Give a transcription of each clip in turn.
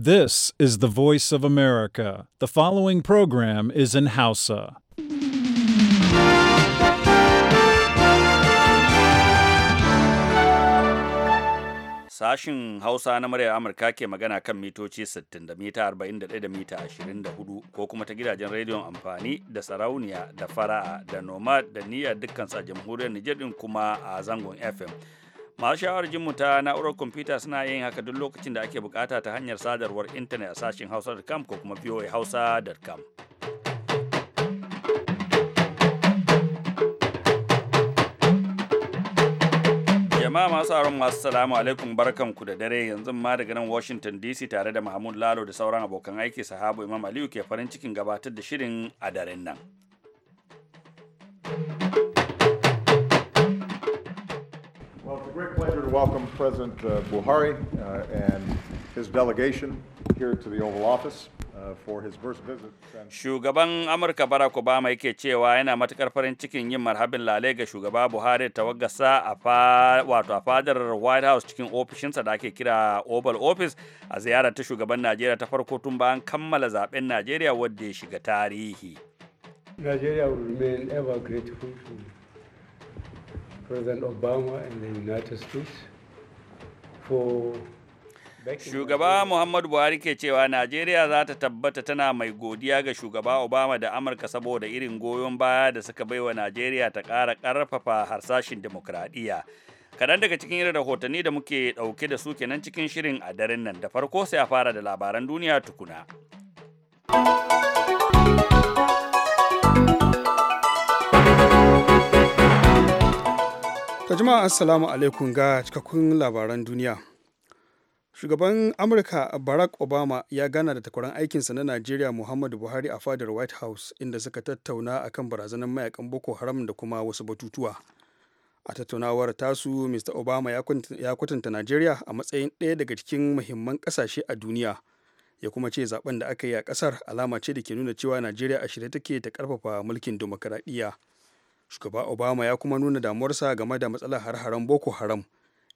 This is the voice of America. The following program is in Hausa. Sashin Hausa na murya Amurka ke magana kan mitoci 60 da mita 41 da mita 24 ko kuma ta gidajen rediyon amfani da sarauniya da fara'a da nomad da niyyar dukkan sa jamhuriyar Nijar kuma a zangon FM. masu shawarar jinmu ta na'urar kwamfuta suna yin haka duk lokacin da ake bukata ta hanyar sadarwar intanet a sashen hausa.com ko kuma hausa.com. jama'a masu aron masu salamu alaikum barkan ku da dare yanzu ma daga nan washington dc tare da mahmud lalo da sauran abokan aiki sahabu imam aliyu ke farin cikin gabatar da shirin a daren nan great pleasure to welcome President uh, Buhari uh, and his delegation here to the Oval Office. Uh, for his first visit. Shugaban Amurka Barack Obama yake cewa yana matukar farin cikin yin marhabin lale ga shugaba Buhari ta wagasa a wato a fadar White House cikin ofishinsa da ake kira Oval Office a ziyarar ta shugaban Najeriya ta farko tun bayan kammala zaben Najeriya wadda ya shiga tarihi. Nigeria will remain ever grateful to Shugaba Muhammadu Buhari ke cewa Najeriya za ta tabbata tana mai godiya ga shugaba Obama da Amurka saboda irin goyon baya da suka baiwa Najeriya ta ƙara ƙarfafa harsashin demokradiyya. kadan daga cikin irin rahotanni da muke ɗauke da su kenan cikin shirin a daren nan da farko sai a fara da labaran duniya tukuna. ta jama'a assalamu alaikum ga cikakkun labaran duniya shugaban amurka barack obama ya gana da takwaran aikinsa na najeriya muhammadu buhari a fadar white house inda suka tattauna akan barazanar mayakan boko haram da kuma wasu batutuwa a tattaunawar tasu mr obama ya kwatanta najeriya a matsayin ɗaya daga cikin muhimman ƙasashe a duniya ya kuma ce zaben da aka yi a ƙasar alama ce da ke nuna cewa najeriya a shirye take ta ƙarfafa mulkin dimokuraɗiyya shugaba obama ya kuma nuna damuwarsa game da matsalar har-haren boko haram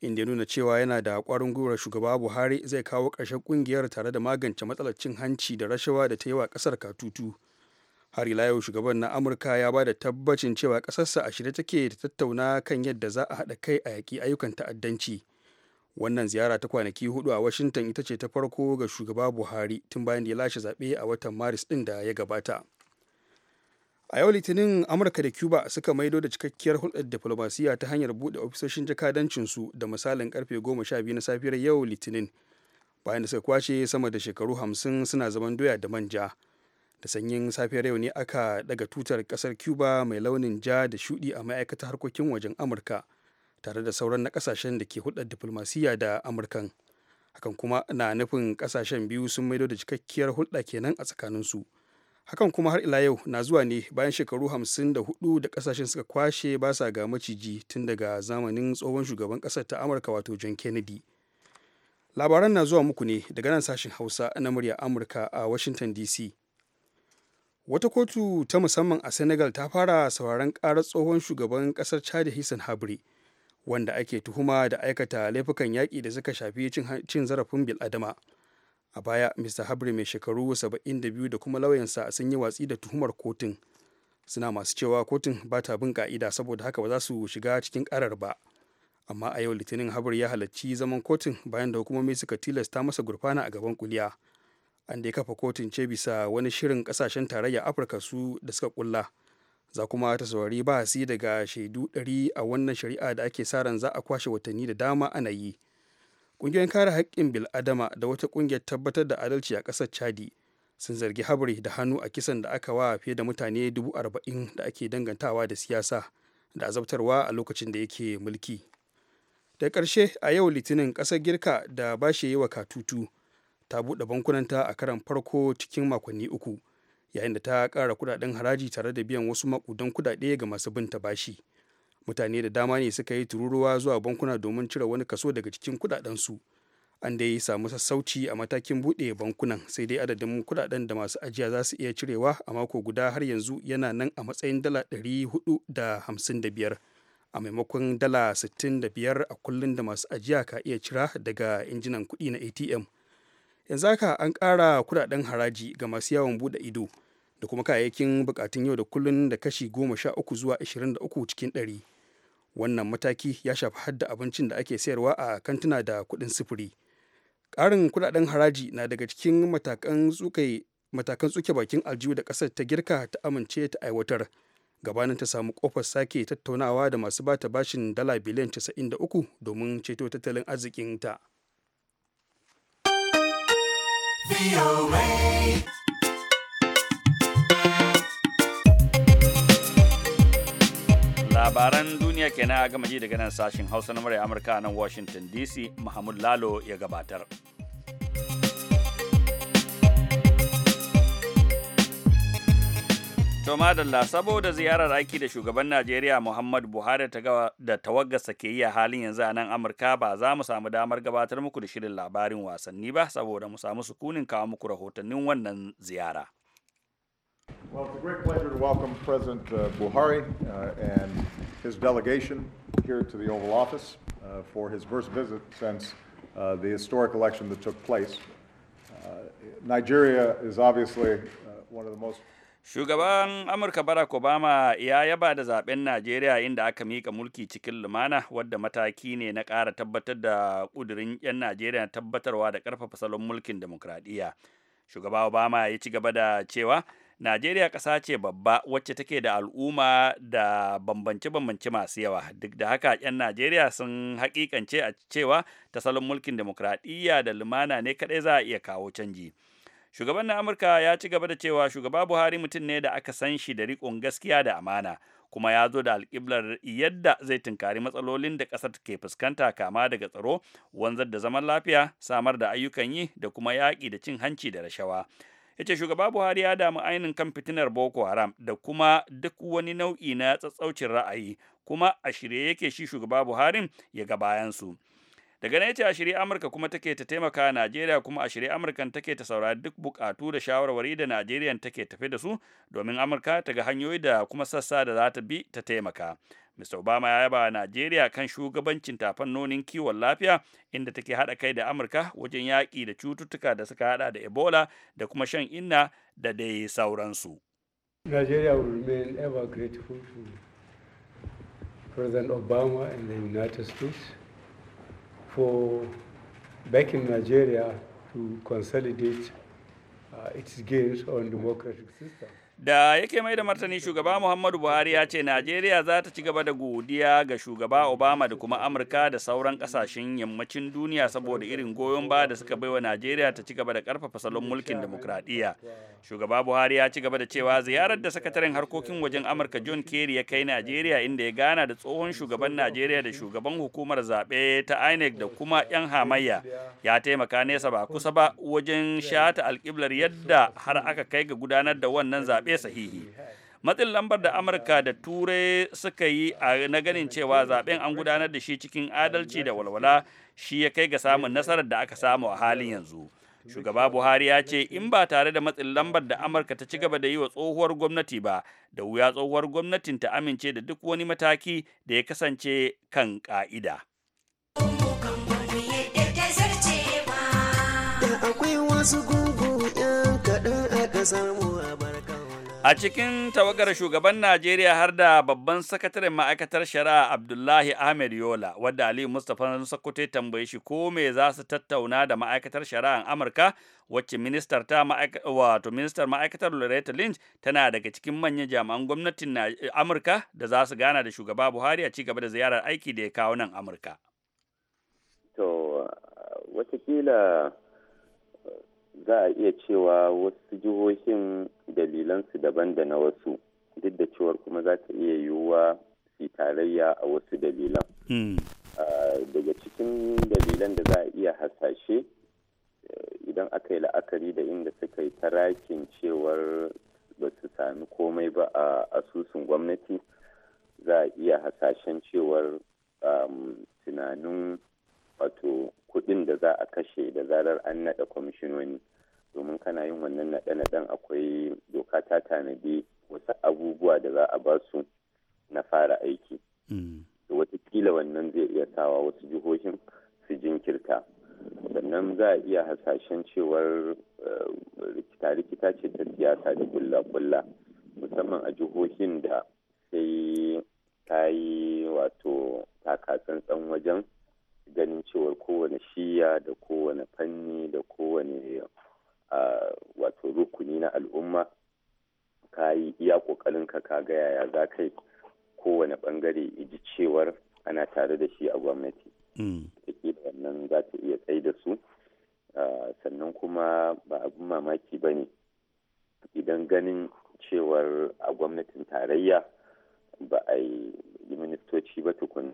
inda ya nuna cewa yana da kwarin gwiwar shugaba buhari zai kawo ƙarshen ƙungiyar tare da magance matsalar cin hanci da rashawa da ta yi wa ƙasar katutu har ila yau shugaban na amurka ya ba da tabbacin cewa ƙasarsa a shirye take da tattauna kan yadda za a haɗa kai a yaƙi ayyukan ta'addanci wannan ziyara ta kwanaki hudu a washington ita ce ta farko ga shugaba buhari tun bayan da ya lashe zaɓe a watan maris ɗin da ya gabata a yau litinin amurka da cuba suka maido da cikakkiyar hulɗar diflomasiyya ta hanyar buɗe ofisoshin jakadancinsu da misalin karfe 12 na safiyar yau litinin bayan da suka kwashe sama da shekaru 50 suna zaman doya da manja da sanyin safiyar yau ne aka daga tutar kasar cuba mai launin ja da shuɗi a ma'aikatar harkokin wajen amurka tare da sauran na kasashen da ke hulɗar diflomasiyya da amurkan hakan kuma na nufin kasashen biyu sun maido da cikakkiyar hulɗa kenan a tsakaninsu su hakan kuma har ila yau na zuwa ne bayan shekaru hamsin da hudu da kasashen suka kwashe ba sa ga maciji tun daga zamanin tsohon shugaban kasar ta amurka wato john kennedy labaran na zuwa muku ne daga nan sashen hausa na murya amurka a washington dc wata kotu ta musamman a senegal ta fara sauraron karar tsohon shugaban kasar chad hisan habri wanda ake tuhuma da aikata laifukan yaƙi da suka shafi cin zarafin biladama a baya mr habre mai shekaru 72 da kuma lauyansa sun yi watsi da tuhumar kotun suna masu cewa kotun ba ta bin ka'ida saboda haka ba za su shiga cikin karar ba amma a yau litinin habre ya halarci zaman kotun bayan da hukumomi suka tilasta masa gurfana a gaban kuliya an dai kafa kotun ce bisa wani shirin kasashen tarayya afirka su da suka kulla za kuma ta saurari ba daga shaidu 100 a wannan shari'a da ake sa ran za a kwashe watanni da dama ana yi ƙungiyoyin kare haƙƙin bil'adama da wata ƙungiyar tabbatar da adalci a ƙasar chadi sun zargi habari da hannu a kisan da aka wa fiye da mutane dubu arba'in da ake dangantawa da siyasa da azabtarwa a lokacin da yake mulki da ƙarshe a yau litinin ƙasar girka da ba bashi yi wa katutu ta buɗe bankunanta a karan farko cikin makonni uku yayin da ta ƙara kudaden haraji tare da biyan wasu makudan kudade ga masu binta bashi mutane da dama ne suka yi tururuwa zuwa bankuna domin cire wani kaso daga cikin kudadensu an dai samu sassauci a matakin buɗe bankunan sai dai adadin kudaden da masu ajiya za su iya cirewa a mako guda har yanzu yana nan a matsayin dala ɗari da hamsin 455 a maimakon dala sittin da biyar a kullum da masu ajiya ka iya cira daga injinan kuɗi na atm yanzu haka an kara kudaden haraji ga masu yawon buɗe ido da kuma kayayyakin bukatun yau da kullum da kashi goma sha 13 zuwa 23 cikin ɗari. wannan mataki ya shafi hadda abincin da ake sayarwa a kantuna da kuɗin sufuri ƙarin kuɗaɗen haraji na daga cikin matakan tsuke bakin aljihu da ƙasar ta girka ta amince ta aiwatar gabanin ta samu ƙofar sake tattaunawa da masu bata bashin dala biliyan 93 domin ceto tattalin arzikinta. ta labaran duniya kenan a gama ji daga nan sashen hausa na murya amurka nan washington dc mahmud lalo ya gabatar To madalla saboda ziyarar aiki da shugaban Najeriya Muhammadu Buhari da tawaggasa ke yi a halin yanzu a nan Amurka ba za mu samu damar gabatar muku da shirin labarin wasanni ba saboda mu samu sukunin kawo muku rahotannin wannan ziyara. Well, it's a great pleasure to welcome President uh, Buhari uh, and his delegation here to the Oval Office uh, for his first visit since uh, the historic election that took place. Uh, Nigeria is obviously uh, one of the most Shugaban Amurka Barack Obama ya yaba da zaben Najeriya inda aka mika mulki cikin lumana wadda mataki ne na ƙara tabbatar da ƙudurin 'yan Najeriya tabbatarwa da ƙarfafa salon mulkin demokradiyya. Shugaba Obama ya ci gaba da cewa Najeriya ƙasa ce babba wacce take da al'umma da bambance-bambance masu yawa duk da haka 'yan Najeriya sun haƙiƙance a cewa ta salon mulkin demokradiyya da lumana ne kaɗai za a iya kawo canji. Shugaban na Amurka ya ci gaba da cewa shugaba Buhari mutum ne da aka san shi da riƙon gaskiya da amana. kuma ya zo da alƙiblar yadda zai tunkari matsalolin da ƙasar ke fuskanta kama daga tsaro wanzar da zaman lafiya samar da ayyukan yi da kuma yaƙi da cin hanci da rashawa yace shugaba buhari ya damu ainin kan fitinar boko haram da kuma duk wani nau'i na tsatsaucin ra'ayi kuma a shirye yake shi shugaba buharin ya ga bayansu daga nan yace a shirye amurka kuma take ta taimaka najeriya kuma a shirye amurkan take ta saurari duk bukatu da shawarwari da najeriya take tafe da su domin amurka ta ga hanyoyi da kuma sassa da za ta bi ta taimaka Mr. Obama ya yaba Najeriya kan shugabancin tafannonin kiwon lafiya inda take haɗa kai da Amurka wajen yaƙi da cututtuka da suka haɗa da Ebola da kuma shan inna da dai sauransu. Nigeria will remain ever grateful to President Obama and the United States for backing Nigeria to consolidate uh, its gains on democratic system. da yake mai da martani shugaba muhammadu buhari ya ce najeriya za ta ci gaba da godiya ga shugaba obama da kuma amurka da sauran kasashen yammacin duniya saboda irin goyon ba da suka baiwa najeriya ta ci gaba da karfafa salon mulkin demokradiyya shugaba buhari ya ci gaba da cewa ziyarar da sakataren harkokin wajen amurka john kerry ya kai najeriya inda ya gana da tsohon shugaban najeriya da shugaban hukumar zaɓe ta inec da kuma 'yan hamayya ya taimaka nesa ba kusa ba wajen shata alƙiblar yadda har aka kai ga gudanar da wannan zaɓe ɗaya sahihi matsin lambar da amurka da turai suka yi a na ganin cewa zaben an gudanar da shi cikin adalci da walwala shi ya kai ga samun nasarar da aka samu a halin yanzu shugaba buhari ya ce in ba tare da matsin lambar da amurka ta ci gaba da yi wa tsohuwar gwamnati ba da wuya tsohuwar gwamnatin ta amince da duk wani mataki da ya kasance kan ka'ida akwai wasu gungun 'yan kaɗan aka samu. A cikin tawagar shugaban Najeriya har da babban sakataren ma'aikatar shari'a Abdullahi Ahmed Yola, wadda Aliyu Mustapha Sokoto tambaye shi ko me za su tattauna da ma'aikatar shari'ar Amurka, wacce ministar ta wato ministar ma'aikatar Loretta Lynch tana daga cikin manyan jami'an gwamnatin Amurka da za su gana da shugaba Buhari a ci gaba da ziyarar aiki da ya kawo nan Amurka. To, watakila za a iya cewa wasu jihohin dalilansu daban da na wasu duk da cewar kuma za ta iya yiwuwa su tarayya a wasu dalilan hmm. daga cikin dalilan da za a iya hasashe eh, idan aka yi la'akari da inda suka yi tarakin cewar ba su sami komai ba a asusun gwamnati za a iya hasashen cewar um, tunanin wato kudin da za a kashe da zarar an naɗa kwamishinoni domin kana yin wannan naɗe-naɗen akwai doka ta tanadi wasu abubuwa da za a ba su na fara aiki da mm. watakila wannan zai iya sawa wasu jihohin su jinkirta sannan za a iya hasashen cewar eh, rikita-rikita ce ta siyasa da kulla-kulla musamman a jihohin da sai ta yi wato takatsantsan wajen ganin cewar kowane shiya da kowane fanni da kowane wato rukuni na al'umma ka yi iya ƙoƙarinka ka ka ga yaya za ka yi kowane ɓangare iji cewar ana tare da shi a gwamnati. da mm. wannan za ta iya tsai da su. Sannan kuma ba abin mamaki ba ne idan ganin cewar a gwamnatin tarayya ba a yi ministoci ba tukun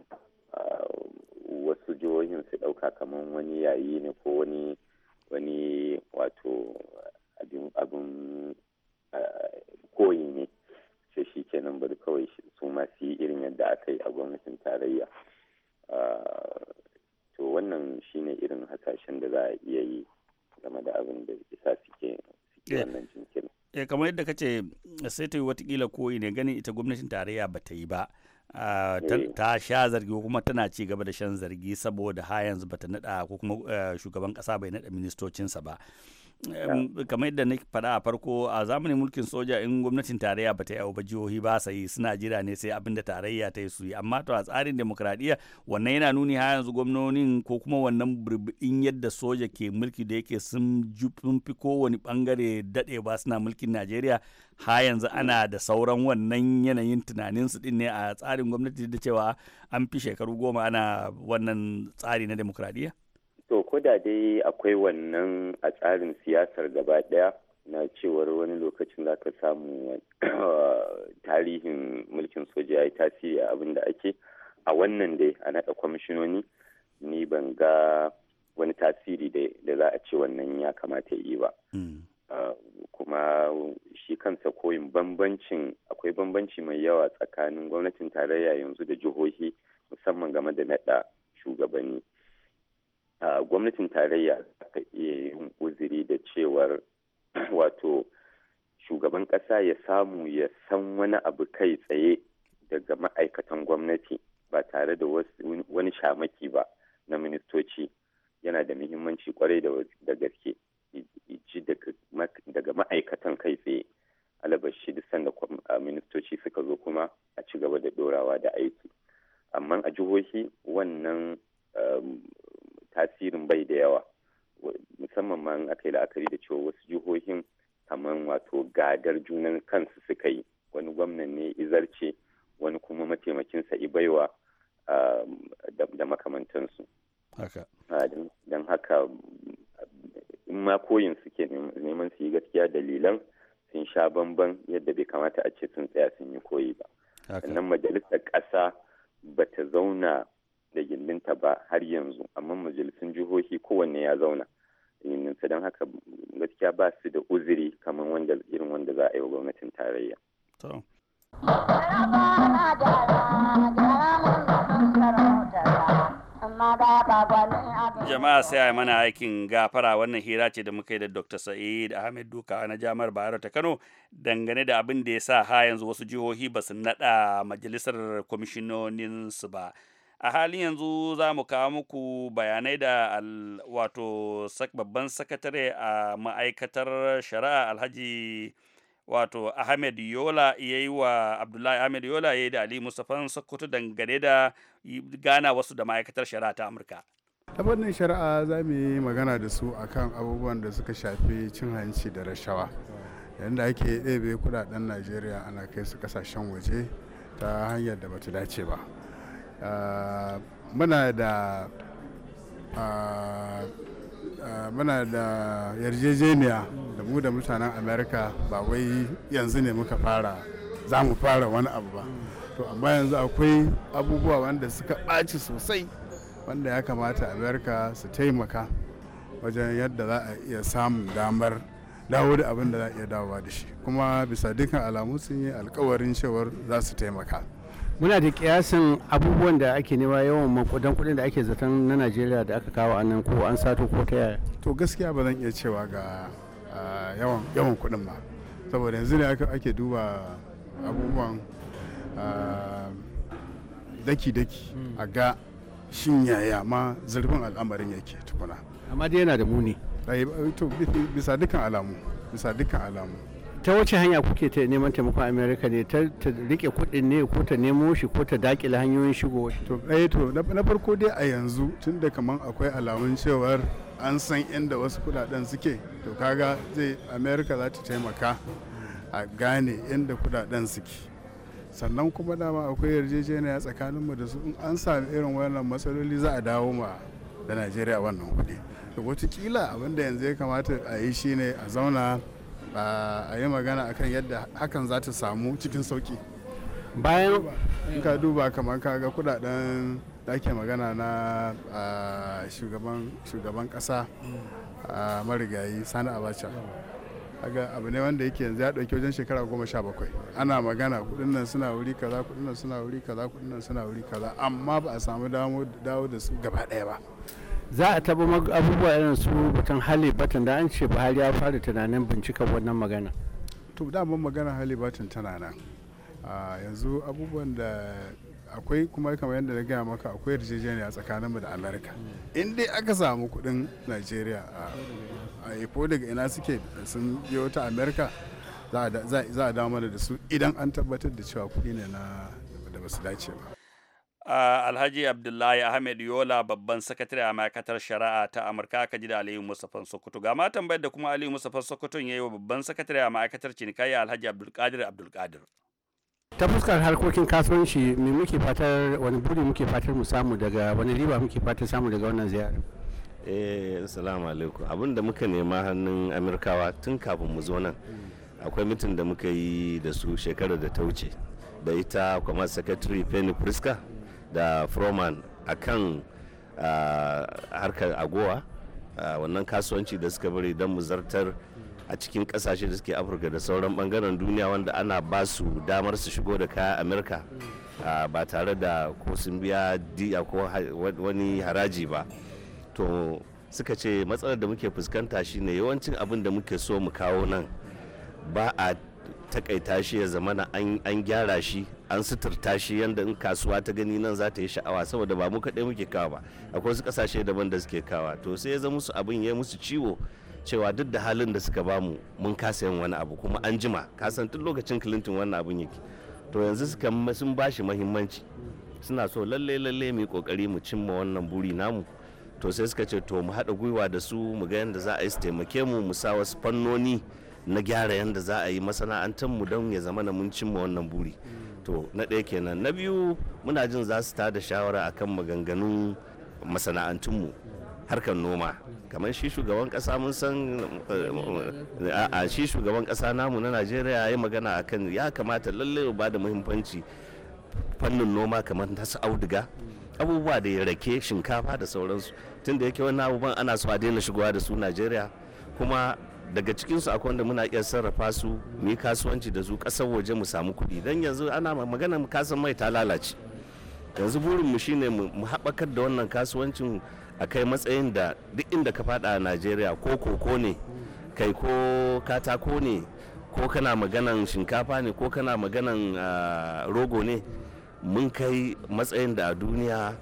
wasu jihohin su ɗauka kamar wani yayi ne ko wani wani wato abin koyi ne sai shi kenan bari kawai su masu yi irin yadda aka yi a gwamnatin tarayya to wannan shine irin hasashen da za a iya yi game da abin da isa suke eh. wannan jinkirin eh, kamar yadda kace sai ta yi watakila koyi ne ganin ita gwamnatin tarayya ba ta yi ba Eh. ta sha zargi ko kuma tana ci gaba da shan zargi saboda ha yanzu bata nada ko kuma eh, shugaban kasa bai nada ministocinsa ba kamar yadda na faɗa a farko a zamanin mulkin soja in gwamnatin tarayya ba ta yi ba jihohi ba sa yi suna jira ne sai abin da tarayya ta yi su yi amma to a tsarin demokradiyya wannan yana nuni har yanzu gwamnonin ko kuma wannan burbuɗin yadda soja ke mulki da yake sun fi kowane bangare daɗe ba suna mulkin najeriya ha yanzu ana da sauran wannan yanayin tunanin su din ne a tsarin gwamnati da cewa an fi shekaru goma ana wannan tsari na demokradiyya to ko da dai akwai wannan a tsarin siyasar gaba daya na cewar wani lokacin za ka samu tarihin mulkin soja ya yi tasiri a abin da ake a wannan dai a naɗa kwamishinoni ni ban ga wani tasiri da za a ce wannan ya kamata yi ba hmm. kuma shi kansa koyin bambancin akwai bambanci mai yawa tsakanin gwamnatin tarayya yanzu da jihohi musamman game da naɗa shugabanni gwamnatin tarayya ta iya yin uzuri da cewar wato shugaban ƙasa ya samu ya san wani abu kai tsaye daga ma'aikatan gwamnati ba tare da wani shamaki ba na ministoci yana da muhimmanci kwarai da gaske ji daga ma'aikatan kai tsaye alabashi da sanda ministoci suka zo kuma a ci gaba da dorawa da aiki amma a jihohi wannan um, tasirin bai da yawa musamman ma in aka yi la'akari da cewa wasu jihohin kamar wato gadar junan kansu suka yi wani gwamnan ne izarce wani kuma mataimakin mataimakinsa ibaiwa um, da makamantansu don haka in ma koyin suke neman su yi gaskiya dalilan sun sha bamban yadda bai kamata a ce sun tsaya sun yi koyi ba sannan majalisar ƙasa ba ta zauna da gindinta ba har yanzu amma majalisun jihohi kowanne ya zauna gindinta don haka gaskiya ba su da uzuri kamar wanda irin wanda za a yi wa gwamnatin tarayya. jama'a sai a mana aikin gafara wannan hira ce da muka yi da dr sa'id ahmed duka na jamar bayero ta kano dangane da abin da ya sa ha yanzu wasu jihohi ba su nada majalisar kwamishinoninsu ba a halin yanzu za mu kawo muku bayanai da wato babban sakatare a ma'aikatar shari'a alhaji wato ahmed yola ya yi wa abdullahi ahmed yola ya yi da ali musafan sokoto dangane da gana wasu da ma'aikatar shari'a ta amurka ta fannin shari'a za mu yi magana da su akan abubuwan da suka shafi cin hanci da rashawa yadda ake ɗebe kudaden najeriya ana kai su kasashen waje ta hanyar da bata dace ba Eh, muna da eh, eh, muna da yarjejeniya da mu da mutanen amerika ba wai yanzu ne muka fara za mu fara wani abu ba to amma yanzu akwai abubuwa wanda suka ɓaci sosai wanda ya kamata amerika su taimaka wajen yadda za a iya samun damar dawo da abin da za a iya dawowa da shi kuma bisa dukkan alamu sun yi alkawarin cewar za su taimaka muna da kiyasin abubuwan da ake nema yawan makudan kudin da ake zaton na najeriya da aka kawo anan ko an sato ko ta yaya to gaskiya ba zan iya cewa ga yawan yawan kudin ba saboda yanzu ne ake duba abubuwan daki-daki a ga shin yaya ma zurfin al'amarin yake tukuna amma dai yana da muni bisa dukkan alamu bisa dukkan alamu ta wace hanya kuke ta neman taimakon amerika ne ta rike kudin ne ko ta nemo shi ko ta dakile hanyoyin shigo to ai eh to na farko dai a yanzu tun da kaman akwai alamun cewar an san inda wasu kudaden suke to kaga zai america za ta taimaka a gane inda kudaden suke sannan kuma dama akwai yarjejeniya mu da su in an sami irin wannan matsaloli za a dawo ma da najeriya wannan kuɗi da kila abinda yanzu ya kamata a yi shine a zauna a yi magana akan yadda hakan za ta samu cikin sauki bayan ka duba kamar ga kudaden da ake magana na shugaban kasa marigayi sani abacha aga abu ne wanda yake yanzu ya ɗauki wajen shekara goma sha bakwai ana magana kudin nan suna wuri kaza kudin nan suna wuri kaza kudin nan suna wuri kaza amma ba a samu dawo da su gaba ɗaya ba za a taba abubuwa irin su batun hali batun da an ce buhari ya fara tunanin bincika wannan magana to daman magana hali batun tana nan yanzu abubuwan da akwai kuma kamar yadda na gaya maka akwai yarjejeniya tsakanin mu da amerika in dai aka samu kuɗin nigeria a ipo eh, daga ina suke sun biyo ta amerika za a damar da su idan an tabbatar da cewa kuɗi ne na da basu dace ba Ah, alhaji abdullahi ahmed yola babban sakatare a ma'aikatar shari'a ta amurka aka ji da aliyu mustapha sokoto ga matan tambayar da kuma aliyu mustapha sokoto ya yi wa babban sakatare a ma'aikatar cinikayya alhaji abdulkadir abdulkadir ta fuskar harkokin kasuwanci me muke fatar wani buri muke fatar mu samu daga wani riba muke fatar samu daga wannan ziyara eh assalamu alaikum abin da muka nema hannun amurkawa tun kafin mu zo nan akwai mitin da muka yi da su shekarar da ta wuce da ita kuma secretary penny priska da froman a kan ah, harkar agowa ah, wannan kasuwanci da suka bari don mu zartar a cikin kasashe da suke afirka da sauran bangaren duniya wanda ana ba su damar su shigo da kaya amerika ah, ba tare da ko sun biya diya ko wani haraji ba to suka ce matsalar da muke fuskanta shine yawancin abin da muke so mu kawo nan ba a takaita shi ya zamana an gyara shi an suturta shi yadda in kasuwa ta gani nan za ta yi sha'awa saboda ba mu kaɗai muke kawa ba akwai wasu ƙasashe daban da suke kawa to sai ya zama musu abin ya musu ciwo cewa duk da halin da suka bamu mun kasa yin wani abu kuma an jima kasan tun lokacin clinton wannan abun yake to yanzu suka sun shi mahimmanci suna so lalle lalle mu yi kokari mu cimma wannan buri namu to sai suka ce to mu haɗa gwiwa da su mu ga yadda za a yi su taimake mu mu sa wasu fannoni na gyara yadda za a yi masana'antar mu don ya zama na mun cimma wannan buri to na ɗaya kenan na biyu muna jin za su tada shawara akan maganganun mu harkar noma kamar shi shugaban kasa mun san eh, a shi shugaban kasa namu na najeriya ya yi magana akan ya kamata lallai ba da muhimmanci fannin noma kamar ta auduga abubuwa da ya rake shinkafa da sauransu tun da yake wani abubuwan ana so a daina shigowa da su najeriya kuma daga cikinsu akwai wanda muna iya sarrafa su mu yi kasuwanci da su ƙasar waje mu samu kuɗi don yanzu ana magana mu kasan mai ta lalace yanzu burinmu shine mu haɓakar da wannan kasuwancin a kai matsayin da duk inda ka faɗa a najeriya ko koko ne kai ko katako ne ko kana maganan shinkafa ne ko kana maganan ah, rogo ne mun kai matsayin da a duniya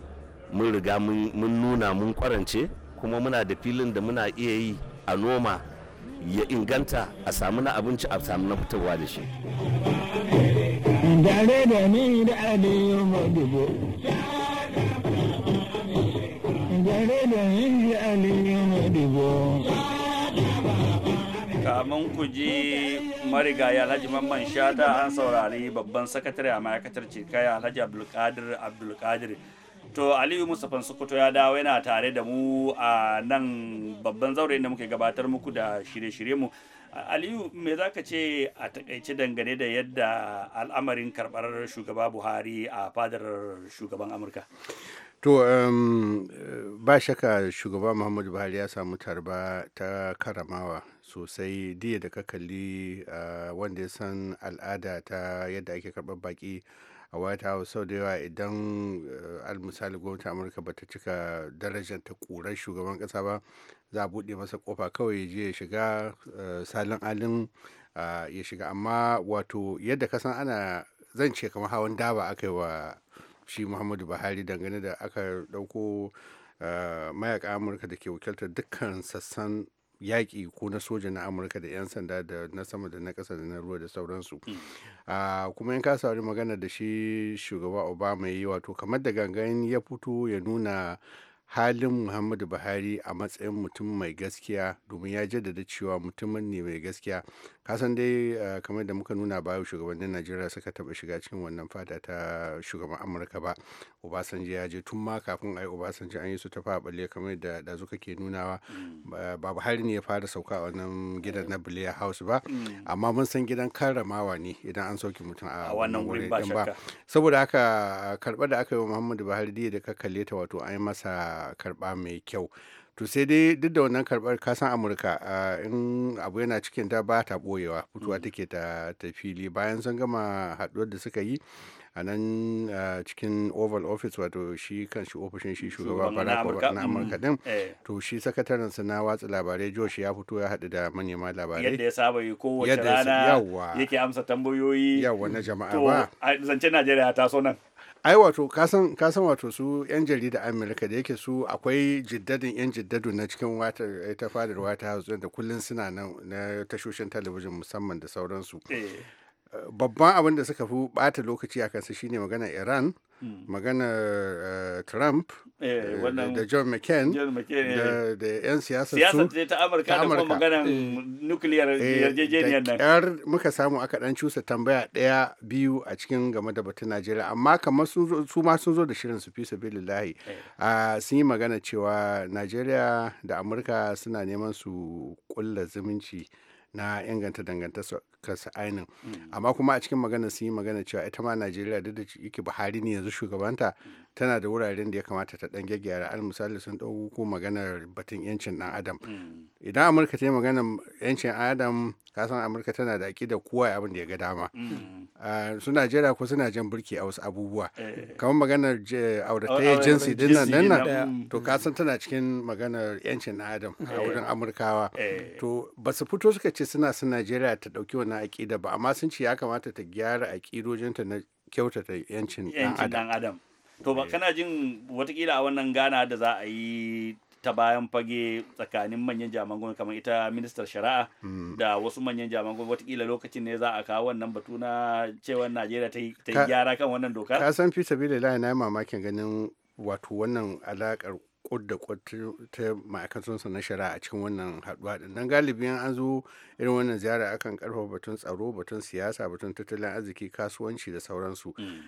mun riga mun nuna mun kwarance kuma muna da filin da muna iya yi a noma ya inganta a samu na abinci a samu na fitowa da shi kamun ku ji marigaya alhaji mamman shata an saurari babban sakatare a ma'aikatar cikaya alhaji abdulkadir abdulkadir to aliyu mustapha sokoto ya dawo yana tare da mu a nan babban zaure da muke gabatar muku da shirye-shirye mu aliyu me za ka ce a takaice dangane da yadda al'amarin karɓar shugaba buhari a fadar shugaban amurka to um, ba shaka shugaba muhammadu buhari ya samu tarba ta karamawa sosai diya da ka kalli uh, wanda ya san al'ada ta yadda ake karɓar baƙi a white house sau da yawa idan eh, almisali gwamnatin amurka bata cika darajar ta kurar shugaban kasa ba za a buɗe masa kofa kawai je ya shiga eh, salin alin ya shiga amma wato yadda kasan ana zan ce kamar hawan daba aka yi wa shi muhammadu buhari dangane da aka ɗauko eh, mayaka amurka da ke wakiltar dukkan sassan yaƙi ko na soja na amurka da 'yan sanda da na sama da na ƙasa da na ruwa da sauransu mm. ah, kuma in kasa wani magana da shi shugaba obama ya yi wato kamar da gangan ya fito ya nuna halin muhammadu buhari a matsayin mutum mai gaskiya domin ya jaddada cewa mutumin ne mai gaskiya kasan dai eh, kamar da muka nuna bayo shugabannin najeriya suka taba shiga cikin wannan fada ta shugaban amurka ba obasanjo ya je tun ma kafin ai yi obasanjo an yi su tafa balle kamar da dazu kake nunawa mm. babu hari ne ya fara sauka a wannan gidan na blair house ba mm. amma mun san gidan karramawa ne idan an sauke mutum a wannan wurin ba saboda haka karba da aka yi wa muhammadu buhari da ka kalle ta wato an yi masa karba mai kyau to sai dai duk da wannan karbar kasan amurka in abu yana cikin ta ba ta boyewa fitowa mm-hmm. take ta fili bayan sun gama haduwar da suka yi a nan cikin oval office wato shi kan shi ofishin shi shugaba barack obama na mm-hmm. amurka din eh. to shi sakatarinsa na watsa labarai josh ya fito ya haɗu da manema labarai yadda ya saba yi kowace rana yake amsa tambayoyi yawa na jama'a ba zance najeriya ta so nan ai wato kasan san wato su yan jarida amurka da yake su akwai jiddadin yan jiddadu na cikin wata eh, ta fadar wata house da kullun suna nan na tashoshin talabijin musamman da sauransu eh. Eh, babban abin da suka fi bata lokaci a kansu shine magana iran Mm. magana eh, trump eh, eh, da john mccain da 'yan siyasar su ta amurka da kuma magana nukiliyar yarjejeniyar nan yar muka samu aka ɗan cusa tambaya ɗaya biyu a cikin game da batun najeriya amma kamar su ma sun zo da shirin su fi su bi lillahi ah, sun yi magana cewa najeriya da amurka suna neman su kulla zumunci na inganta dangantarsu kasa ainihin mm. amma kuma a cikin magana sun yi magana cewa ita ma najeriya duk da yake buhari ne yanzu shugabanta mm. tana da wuraren da ya kamata ta dan gyara al misali sun dau ko maganar batun yancin dan adam mm. idan amurka ta yi magana yancin adam ka san amurka tana da aƙida kowa abin da ya ga dama ah, su najeriya ko suna jan burki a wasu abubuwa eh. kamar maganar auratayya jinsi dinnan nan to ka san tana cikin maganar yancin dan adam a eh. wurin amurkawa eh. to ba su fito suka ce suna su najeriya ta dauki na aƙida ba amma sun ce ya kamata ta gyara aƙidojinta na kyautata yancin ɗan adam to ba eh. kana jin watakila a wannan gana da za a yi ta bayan fage tsakanin manyan jaman gwamnati kamar ita ministar shari'a hmm. da wasu manyan jaman gwamnati watakila lokacin ne za a kawo wannan batu na cewa najeriya ta yi gyara kan wannan dokar ka san fi layi na yi mamakin ganin wato wannan alakar kud da kud ta ma'aikatunsa na shari'a a cikin wannan haɗuwa din dan galibi an zo irin wannan ziyara akan karfafa batun tsaro batun siyasa batun tattalin arziki kasuwanci da sauransu mm.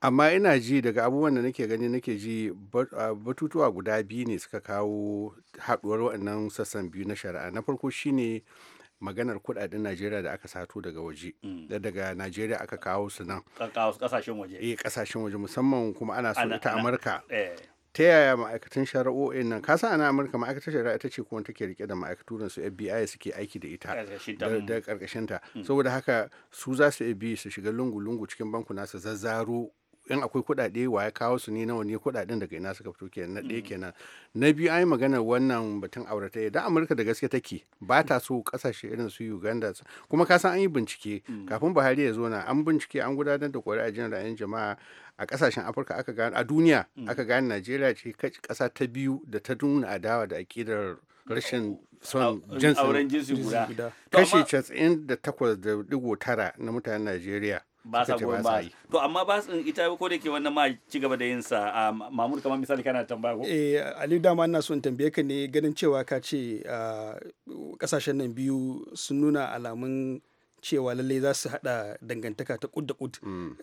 amma ina ji daga abubuwan da nake gani nake ji batutuwa guda biyu ne suka kawo haɗuwar wannan sassan biyu na shari'a na farko shine maganar kuɗaɗen Najeriya da aka sato daga waje mm. da daga Najeriya aka kawo su nan kasashen waje eh ƙasashen waje musamman kuma ana so ita Amurka eh. ta yaya ma'aikatan shari'o'in nan kasa ana amurka ma'aikatar shari'a ita ce kuma take rike da ma'aikaturan su fbi suke aiki da ita da karkashinta mm. saboda haka su za su bi su shiga lungu-lungu cikin bankuna su zazzaro in akwai kuɗaɗe wa ya kawo su ne nawa ne kuɗaɗen daga ina suka fito kenan na ɗaya mm. kenan na biyu ai magana wannan batun auratayya da amurka da gaske take ba ta so kasashe irin su uganda kuma ka san an yi bincike mm. kafin buhari ya zo na an bincike an gudanar da a jin ra'ayin jama'a a kasashen afirka aka gane a duniya mm. aka gane najeriya ce ƙasa ta biyu da ta nuna adawa da aƙidar rashin son jinsi guda kashi 98.9 na mutanen najeriya ba sa goyon ba to amma ba su ita ko da ke wannan ma ci gaba da yin sa ah, mamur kamar misali kana tambaya ko eh ali dama ina son tambaye ka ne ganin cewa ka ce kasashen ah, nan biyu sun nuna alamun cewa lallai za su hada dangantaka ta kud da kud mm.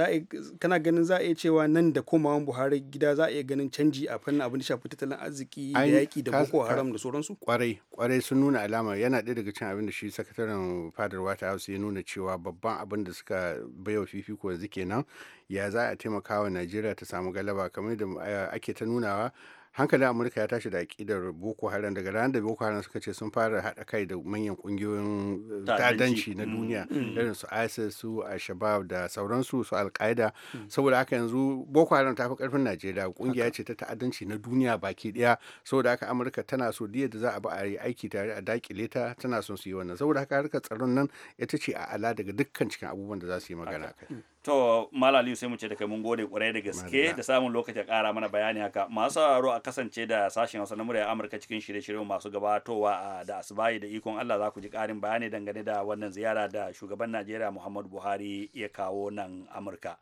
eh, kana ganin za a iya cewa nan da komawan buhari gida za a iya ganin canji a fannin abin da shafi tattalin arziki da yaki da boko haram da sauransu kwarai kwarai sun nuna alama yana ɗaya daga cin abin da shi sakataren fadar wata house ya nuna cewa babban abin da suka baiwa fifiko yanzu kenan ya za a taimaka wa najeriya ta samu galaba kamar da eh, ake ta nunawa hankalin amurka ya tashi da aƙidar boko haram daga ranar da boko haram suka ce sun fara haɗa kai da manyan ƙungiyoyin eh, ta'addanci na mm, duniya mm. irin su isis su shabab da sauransu su alƙaida mm. saboda haka yanzu boko haram ta fi ƙarfin najeriya ƙungiya ce ta ta'addanci na duniya baki ɗaya saboda haka amurka tana so diya da za a bi a yi aiki tare a dakile ta tana son su yi wannan saboda haka harkar tsaron nan ita ce a ala daga dukkan cikin abubuwan da za su yi magana kai To Mala Aliyu sai mu ce da kai mun gode kwarai da gaske da samun lokaci a ƙara mana bayani haka. Masu sauraro a kasance da sashen Hausa na murya Amurka cikin shirye-shiryen masu gabatowa da asibayi da ikon Allah za ku ji ƙarin bayani dangane da wannan ziyara da shugaban Najeriya Muhammadu Buhari ya kawo nan Amurka.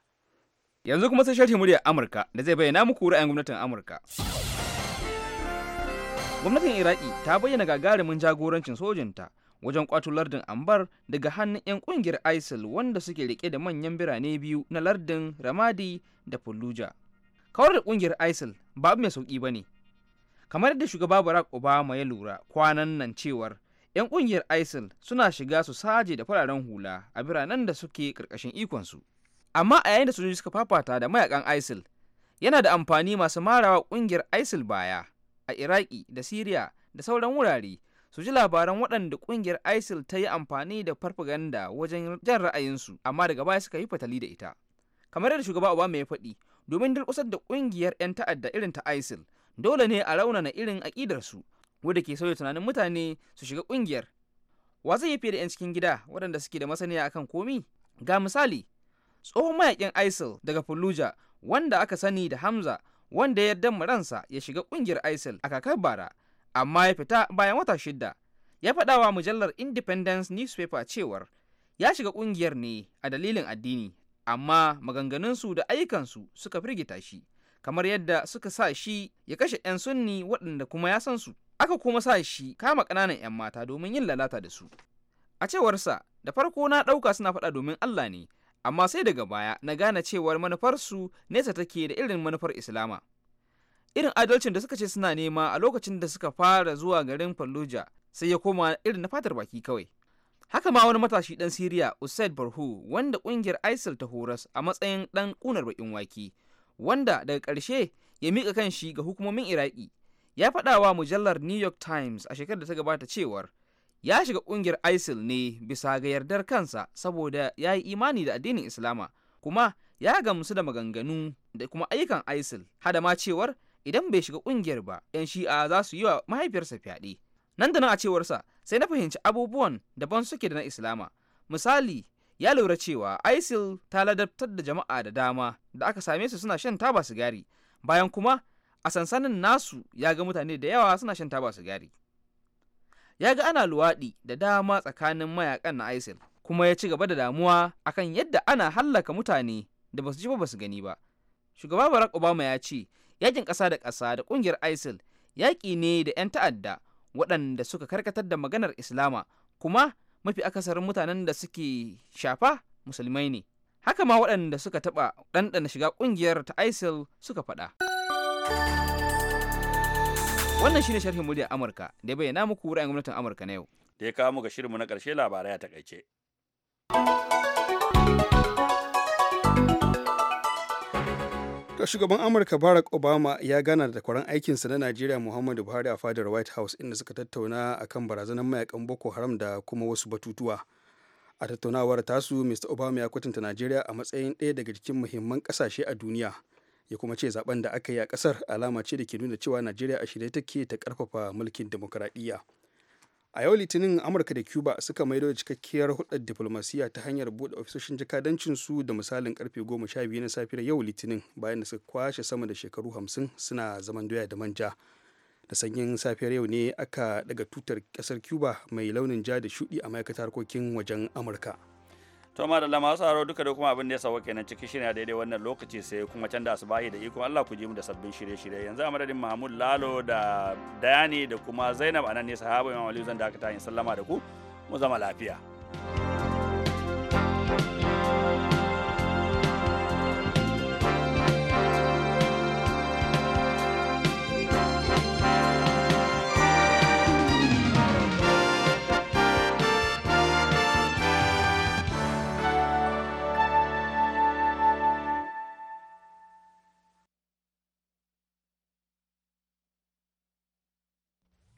Yanzu kuma sai sharhi murya Amurka da zai bayyana muku ra'ayin gwamnatin Amurka. Gwamnatin Iraki ta bayyana gagarumin jagorancin sojinta wajen kwato lardin ambar daga hannun 'yan kungiyar isil wanda suke rike da manyan birane biyu na lardin ramadi da fallujah kawar da kungiyar isil ba mai sauki ba ne kamar da shugaba barack obama ya lura kwanan nan cewar 'yan kungiyar isil suna shiga su saje da fararen hula a biranen da suke karkashin ikonsu amma a yayin da sojoji suka fafata da mayakan isil yana da amfani masu marawa kungiyar isil baya a iraki da Siriya, da sauran wurare su ji labaran waɗanda ƙungiyar isil ta yi amfani da farfaganda wajen jan ra'ayinsu amma daga baya suka yi fatali da ita kamar yadda shugaba obama ya faɗi domin durƙusar da ƙungiyar 'yan ta'adda irin ta isil dole ne a raunana irin su wadda ke sauya tunanin mutane su shiga ƙungiyar wa zai yi fiye da 'yan cikin gida waɗanda suke da masaniya akan komi ga misali tsohon mayakin isil daga fallujah wanda aka sani da hamza wanda ya damma ransa ya shiga ƙungiyar isil a kakar bara amma ya fita bayan wata shida ya faɗa wa mujallar independence newspaper cewar ya shiga ƙungiyar ne a dalilin addini amma maganganunsu da ayyukansu suka firgita shi kamar yadda suka sa shi ya kashe 'yan sunni waɗanda kuma ya san su aka kuma sa shi kama ƙananan 'yan mata domin yin lalata da su a cewarsa da farko na ɗauka suna faɗa domin allah ne amma sai daga baya na gane cewar manufarsu nesa take da irin manufar islama irin adalcin da suka ce suna nema a lokacin da suka fara zuwa garin fallujah sai ya koma irin na fatar baki kawai haka ma wani matashi ɗan siriya usaid barhu wanda ƙungiyar isil ta horas a matsayin ɗan ƙunar bakin waki wanda daga ƙarshe ya mika kanshi ga hukumomin iraki ya faɗa wa mujallar new york times a shekarar da ta gabata cewar ya shiga ƙungiyar isil ne bisa ga yardar kansa saboda ya yi imani da addinin islama kuma ya gamsu da maganganu da kuma ayyukan isil hada ma cewar idan bai shiga ƙungiyar ba 'yan shi'a za su yi wa mahaifiyarsa fyaɗe nan da nan a cewarsa sai na fahimci abubuwan daban suke da na islama misali ya lura cewa isil ta ladabtar da jama'a da dama da aka same su suna shan taba sigari bayan kuma a sansanin nasu ya ga mutane da yawa suna shan taba sigari ya ga ana luwaɗi da dama tsakanin mayakan na isil kuma ya ci gaba da damuwa akan yadda ana hallaka mutane da basu ji ba basu gani ba shugaba barack obama ya ce yakin ƙasa da ƙasa da ƙungiyar isil yaƙi ne da 'yan ta'adda waɗanda suka karkatar da maganar islama kuma mafi akasarin mutanen da suke shafa musulmai ne haka ma waɗanda suka taɓa ɗanɗana shiga ƙungiyar ta isil suka faɗa wannan shine sharhin muryar amurka da ya bayyana muku ra'ayin gwamnatin amurka na yau da ya kawo muka shirinmu na ƙarshe labarai a takaice. To shugaban Amurka Barack Obama ya gana da takwaran aikinsa na Najeriya Muhammadu Buhari a fadar White House inda suka tattauna a kan barazanar mayakan Boko Haram da kuma wasu batutuwa. A tattaunawar tasu, Mr. Obama ya kwatanta Najeriya a matsayin ɗaya daga cikin muhimman ƙasashe a duniya. Ya kuma ce zaben da aka yi a ƙasar alama ce da ke nuna cewa Najeriya a shirye take ta ƙarfafa mulkin demokuraɗiyya. a yau litinin amurka da cuba suka maido da cikakkiyar hudar diflomasiyya ta hanyar buɗe ofisoshin jakadancinsu da misalin karfe goma sha biyu na safiyar yau litinin bayan da suka kwashe sama da shekaru hamsin suna zaman doya da manja da sanyin safiyar yau ne aka daga tutar ƙasar cuba mai launin ja da shudi a ma'aikatar harkokin wajen amurka to ma da lama haro duka da kuma abin da ya sauwa kenan ciki shirin a daidai wannan lokaci sai kuma can da asubahi da iko Allah ku ji mu da sabbin shirye-shirye yanzu a madadin Mahmud Lalo da Dayani da kuma Zainab anan ne sahaba Imam Ali zan dakata yin sallama da ku mu zama lafiya.